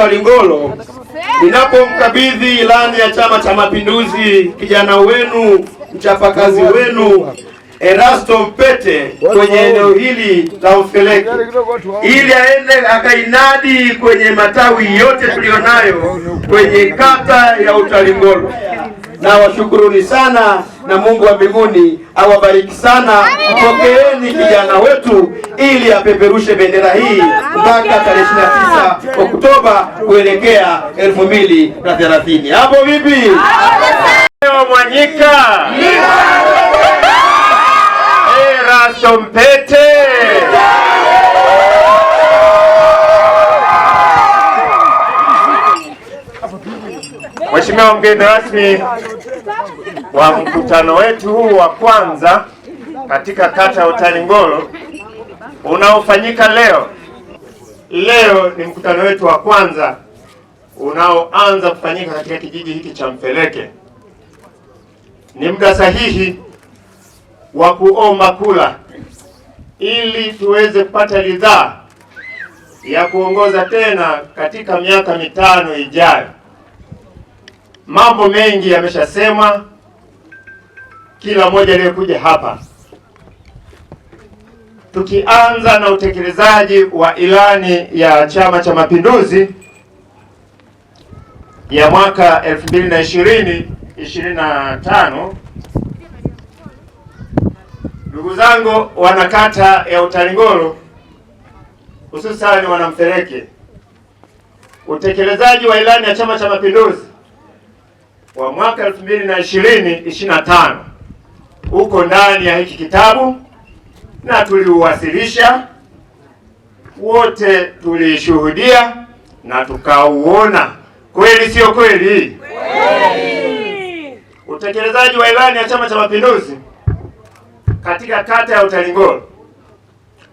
Dr. Lingolo ninapomkabidhi ilani ya Chama cha Mapinduzi kijana wenu mchapakazi wenu Erasto Mpete kwenye eneo hili la Ufeleki ili aende akainadi kwenye matawi yote tuliyonayo kwenye kata ya Utalingolo na washukuruni sana, na Mungu wa mbinguni awabariki sana. tokeeni kijana wetu ili apeperushe bendera hii mpaka tarehe 29 Oktoba kuelekea 2030. Hapo vipi? Mwanyika Erasto Mpete Mheshimiwa mgeni rasmi wa mkutano wetu huu wa kwanza katika kata ya Utalingolo unaofanyika leo. Leo ni mkutano wetu wa kwanza unaoanza kufanyika katika kijiji hiki cha mpeleke Ni muda sahihi wa kuomba kula ili tuweze kupata ridhaa ya kuongoza tena katika miaka mitano ijayo. Mambo mengi yameshasemwa kila mmoja aliyekuja hapa, tukianza na utekelezaji wa ilani ya Chama cha Mapinduzi ya mwaka 2020 25. Ndugu zangu wanakata ya Utalingolo, hususani wanamfereke, utekelezaji wa ilani ya Chama cha Mapinduzi wa mwaka 2020 25 uko ndani ya hiki kitabu na tuliuwasilisha wote, tuliishuhudia na tukauona. Kweli sio kweli? Utekelezaji wa ilani ya Chama cha Mapinduzi katika kata ya Utalingolo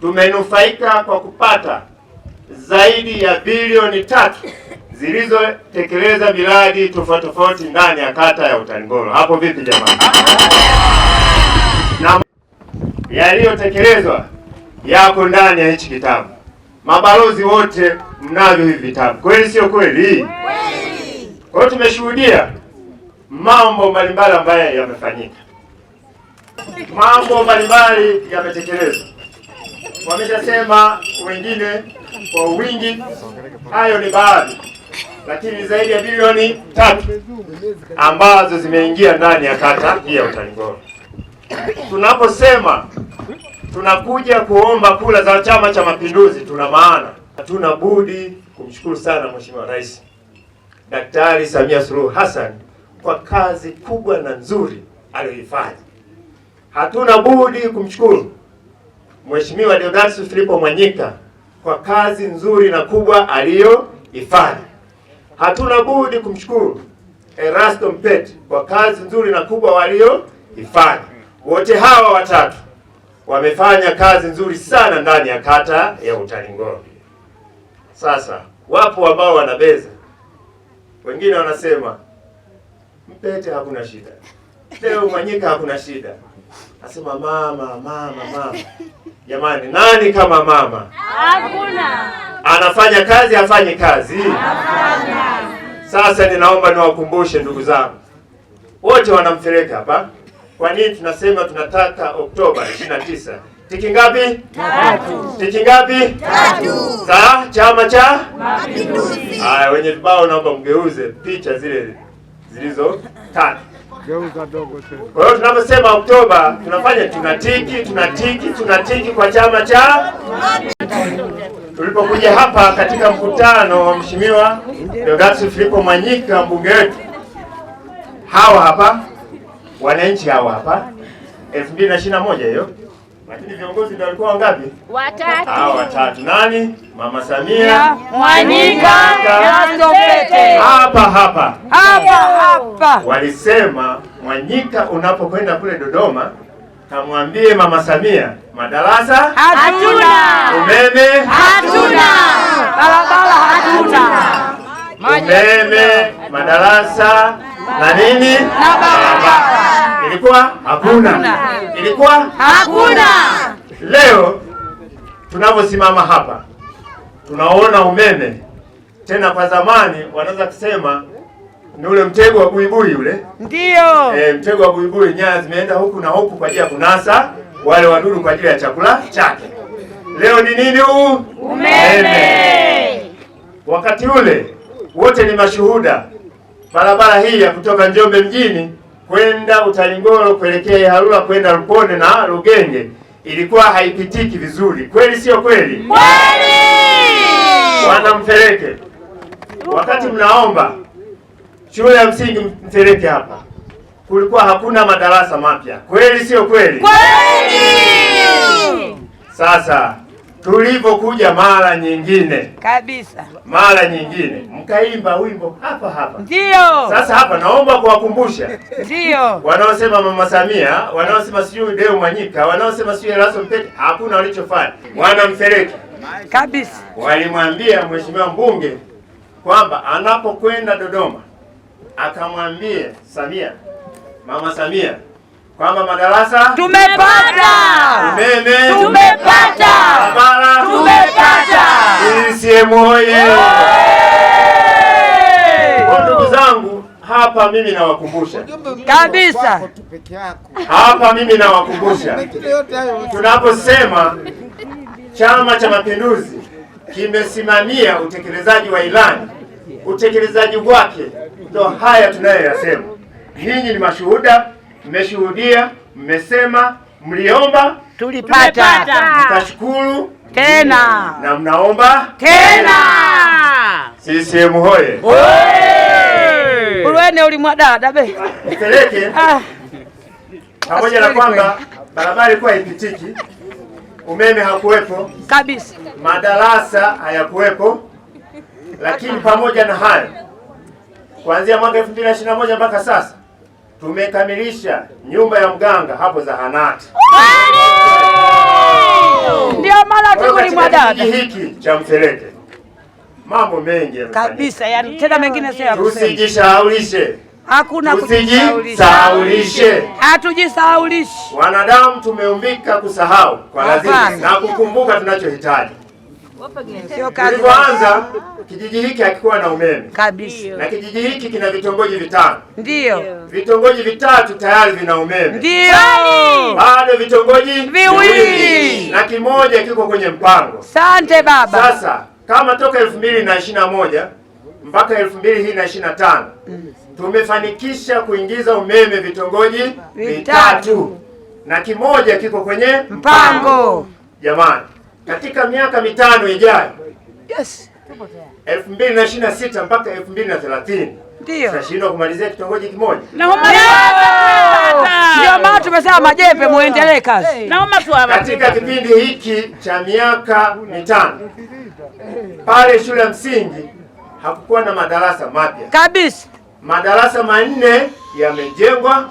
tumenufaika kwa kupata zaidi ya bilioni tatu zilizotekeleza miradi tofauti tofauti ndani ya kata ya Utalingolo. Hapo vipi jamani? yaliyotekelezwa yako ndani ya hichi kitabu. Mabalozi wote mnavyo hivi vitabu, kweli sio kweli? Kwa hiyo tumeshuhudia mambo mbalimbali ambayo yamefanyika, mambo mbalimbali yametekelezwa. Wameshasema wengine kwa wingi, hayo ni baadhi, lakini zaidi ya bilioni tatu ambazo zimeingia ndani ya kata hii ya Utalingolo. Tunaposema tunakuja kuomba kula za Chama cha Mapinduzi, tuna maana hatuna budi kumshukuru sana Mheshimiwa Rais Daktari Samia Suluhu Hassan kwa kazi kubwa na nzuri aliyoifanya. Hatuna budi kumshukuru Mheshimiwa Deodatus Filipo Mwanyika kwa kazi nzuri na kubwa aliyoifanya. Hatuna budi kumshukuru Erasto Mpete kwa kazi nzuri na kubwa walioifanya. Wote hawa watatu wamefanya kazi nzuri sana ndani ya kata ya Utalingolo. Sasa wapo ambao wanabeza, wengine wanasema Mpete hakuna shida, leo mwanyika hakuna shida, nasema mama mama mama. Jamani, nani kama mama? Hakuna. Anafanya kazi afanye kazi? Hapana. Sasa ninaomba niwakumbushe ndugu zangu wote, wanamfereka hapa kwa nini tunasema tunataka Oktoba 29? Tiki ngapi? Tatu. Tiki ngapi? Tatu. Za Chama cha Mapinduzi. Haya, wenye vibao naomba mgeuze picha zile zilizo tatu. Geuza dogo tena. Kwa hiyo tunaposema Oktoba tunafanya tunatiki, tunatiki, tunatiki kwa Chama cha Tulipokuja hapa katika mkutano wa Mheshimiwa Deodatus Filipo Mwanyika mbunge wetu, hawa hapa wananchi hawa hapa 2021 hiyo, lakini viongozi ndio walikuwa wangapi? Watatu. Hao watatu nani? Mama Samia, Mwanyika na Kikwete. Hapa hapa hapa hapa walisema, Mwanyika unapokwenda kule Dodoma kamwambie Mama Samia madarasa hatuna, umeme hatuna, barabara hatuna, umeme madarasa na nini na barabara ilikuwa hakuna, ilikuwa hakuna. Leo tunavyosimama hapa tunaona umeme tena. Kwa zamani wanaweza kusema ni ule mtego wa buibui ule, ndio e, mtego wa buibui, nyaya zimeenda huku na huku kwa ajili ya kunasa wale wadudu kwa ajili ya chakula chake. Leo ni nini huu umeme? Wakati ule wote ni mashuhuda, barabara hii ya kutoka Njombe mjini kwenda Utalingolo kuelekea Ihalula kwenda Lupone na Lugenge ilikuwa haipitiki vizuri, kweli sio kweli? Wana Mfereke, wakati mnaomba shule ya msingi Mfereke hapa kulikuwa hakuna madarasa mapya, kweli sio kweli? Kweli. Sasa Tulivyokuja mara nyingine kabisa, mara nyingine mkaimba wimbo hapa hapa. Ndio sasa hapa naomba kuwakumbusha, ndio wanaosema mama Samia, wanaosema sijui Deo Mwanyika, wanaosema sijui Erasto Mpete, hakuna walichofanya. Mwana Mfereki kabisa walimwambia mheshimiwa mbunge kwamba anapokwenda Dodoma akamwambie Samia, mama Samia kwamba madarasa tumepata, umeme tumepata, barabara tumepata, sisiemu oye! ndugu zangu hapa mimi nawakumbusha kabisa, hapa mimi nawakumbusha tunaposema Chama cha Mapinduzi kimesimamia utekelezaji wa ilani, utekelezaji wake ndo haya tunayoyasema. Ninyi ni mashuhuda mmeshuhudia, mmesema, mliomba, tulipata, mtashukuru tena na mnaomba tena. CCM hoye! Ulwene ulimwadada be Mseleke, ah. pamoja na kwamba barabara ilikuwa haipitiki, umeme hakuwepo kabisa, madarasa hayakuwepo, lakini pamoja na hayo, kuanzia mwaka 2021 mpaka sasa tumekamilisha nyumba ya mganga hapo zahanati. Ndio mara tukulimwa dada hiki cha Mtelete, mambo mengi kabisa, yani tena mengine sio ya kusema. Tusijishaulishe, hakuna kujisaulishe, hatujisaulishi. Wanadamu tumeumbika kusahau kwa lazima na kukumbuka tunachohitaji Tulivyoanza kijiji hiki hakikuwa na umeme kabisa, na kijiji hiki kina vitongoji vitano, ndio vitongoji vitatu tayari vina umeme, ndio bado vitongoji viwili na kimoja kiko kwenye mpango. Asante baba. Sasa kama toka elfu mbili na ishirini na moja mpaka elfu mbili hii na ishirini na tano tumefanikisha kuingiza umeme vitongoji vitatu na kimoja kiko kwenye mpango, mpango. Jamani katika miaka mitano ijayo, yes, 2026 mpaka 2030 ndio tunashindwa kumalizia kitongoji kimoja. Ndio maana tumesema majembe, muendelee kazi. Naomba tu katika kipindi hiki cha miaka mitano pale shule ya msingi hakukuwa na madarasa mapya kabisa. Madarasa manne yamejengwa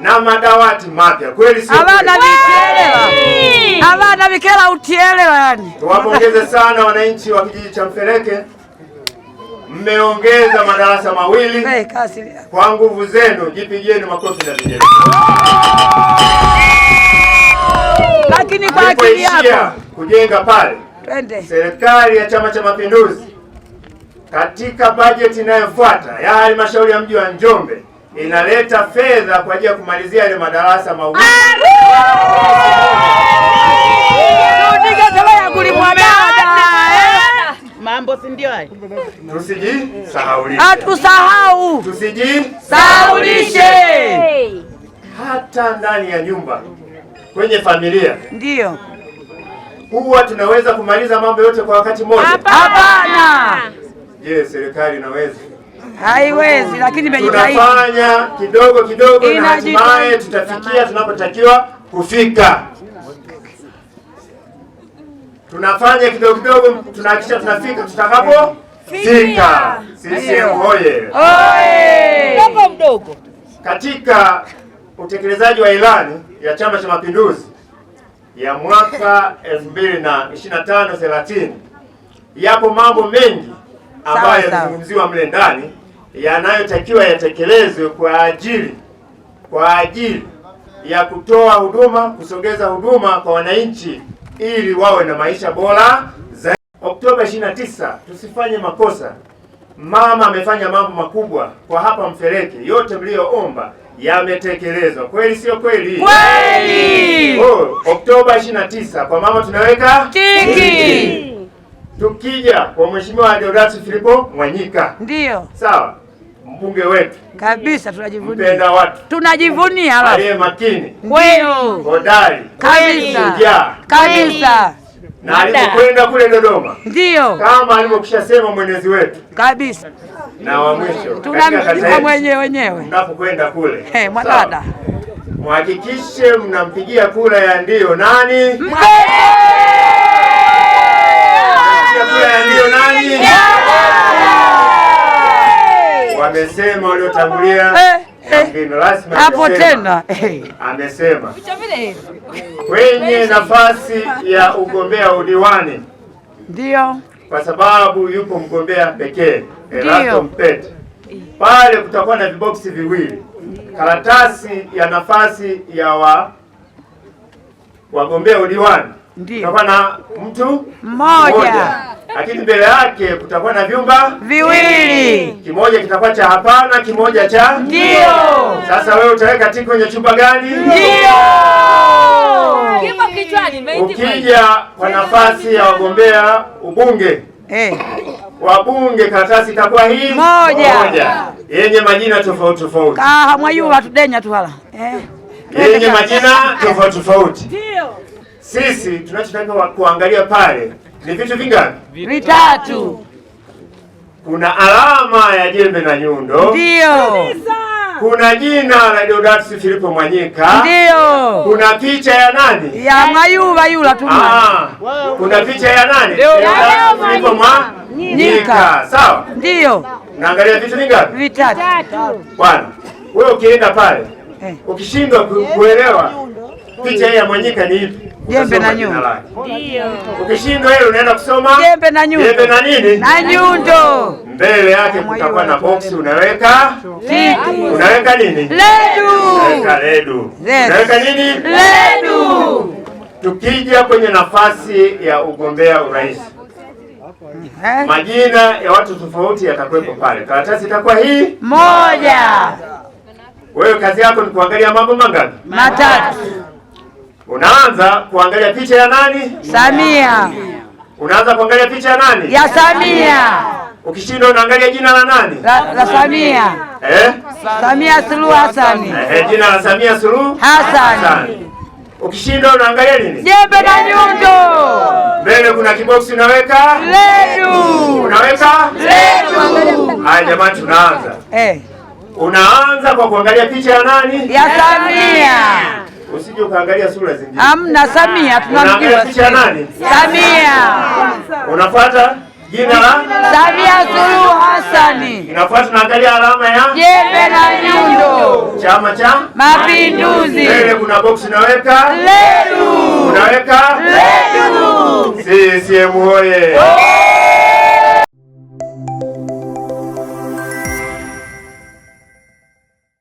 na madawati mapya kweli, sio abana Mikela abana Mikela utielewa. Yani tuwapongeze sana wananchi wa kijiji cha Mfereke, mmeongeza madarasa mawili kwa nguvu zenu, jipigieni makofi na vigelegele. Lakini kwa akili yako kujenga pale, twende. Serikali ya Chama cha Mapinduzi katika bajeti inayofuata ya halmashauri ya mji wa Njombe inaleta fedha kwa ajili ya kumalizia yale madarasa mawili mambo si ndio hayo? Tusiji sahaulishe. Hatusahau. Tusiji sahaulishe. Hata ndani ya nyumba kwenye familia ndio huwa tunaweza kumaliza mambo yote kwa wakati mmoja? Hapana. Je, yes, serikali inaweza? haiwezi, lakini imejitahidi, tunafanya kidogo kidogo na hatimaye tutafikia tunapotakiwa kufika. Tunafanya kidogo kidogo, tunahakisha tunafika tutakapofika. CCM hoye! Mdogo mdogo katika utekelezaji wa ilani ya Chama cha Mapinduzi ya mwaka 2025 30 yapo mambo mengi ambayo yanazungumziwa mle ndani yanayotakiwa yatekelezwe kwa ajili kwa ajili ya kutoa huduma, kusogeza huduma kwa wananchi ili wawe na maisha bora zaidi. Oktoba 29 tusifanye makosa. Mama amefanya mambo makubwa kwa hapa Mfereke, yote mliyoomba yametekelezwa. Kweli sio kweli? Kweli. Oh, Oktoba 29 kwa mama tunaweka kiki. Tukija kwa Mheshimiwa Deodatus Filipo Mwanyika, ndio sawa mbunge wetu kabisa, tunajivunia mpenda watu, tunajivunia aliye makini, kweli, hodari kabisa kabisa. Na alipokwenda kule Dodoma, ndio kama alivyokisha sema mwenezi wetu kabisa. Na wa mwisho tunamjua mwenyewe wenyewe, mnapokwenda kule hey, mwadada mhakikishe mnampigia kura ya ndio nani, mpigia kura ya ndio nani. Wamesema waliotangulia eh, eh. hapo tena eh. amesema kwenye nafasi ya ugombea udiwani ndio, kwa sababu yupo mgombea pekee Erasto Mpete. Pale kutakuwa na viboksi viwili, karatasi ya nafasi ya wa wagombea udiwani, kutakuwa na mtu mmoja lakini mbele yake kutakuwa na vyumba viwili, kimoja kitakuwa cha hapana, kimoja cha ndio. Sasa wewe utaweka tiki kwenye chumba gani? Ndio. Ukija kwa nafasi ya wagombea ubunge eh, wabunge karatasi itakuwa hii moja, moja yenye majina tofauti tofauti, ah, mwayuu tudenya tu hala eh, yenye majina tofauti tofauti. Ndio sisi tunachotaka kuangalia pale ni vitu vingapi? Vitatu. Kuna alama ya jembe na nyundo. Ndio. Kuna jina la Deodatus Filipo Mwanyika. Ndio. Kuna picha ya nani? Ya Mayuba yula tu. Ah. Kuna picha ya nani? Deodatus Filipo Mwanyika. Sawa? Ndio. Naangalia vitu vingapi? Vitatu. Bwana, wewe ukienda pale, eh. ukishindwa kuelewa picha ya Mwanyika ni ipi? jembe na nyundo. Ndio. Ukishindwa hilo unaenda kusoma jembe na nyundo. Jembe na nini? Na nyundo. Mbele yake kutakuwa na box unaweka tiki. Unaweka nini? Ledu. Unaweka ledu. Unaweka nini? Ledu. Tukija kwenye nafasi ya ugombea urais eh? majina ya watu tofauti yatakwepo pale. Karatasi itakuwa hii moja. Wewe kazi yako ni kuangalia mambo mangapi? Matatu. Unaanza kuangalia picha ya nani? Samia. Unaanza kuangalia picha ya nani? Ya Samia. Ukishindwa unaangalia jina la nani? La, la Samia. Eh? Samia Suluhu Hassan. Eh, jina la Samia Suluhu Hassan. Ukishindwa unaangalia nini? Jembe na nyundo. Mbele kuna kiboksi unaweka? Redu. Unaweka? Redu. Haya jamani tunaanza. Eh. Unaanza kwa kuangalia picha ya nani? Ya Samia. Usije ukaangalia sura zingine. Amna Samia ah. tunamjua. nani? Samia. Unafuata jina la Samia Suluhu Hassani. Inafuata naangalia alama ya jembe na nyundo. Chama cha Mapinduzi. Mbele kuna box naweka Ledu. Unaweka Ledu. CCM hoye. Oh.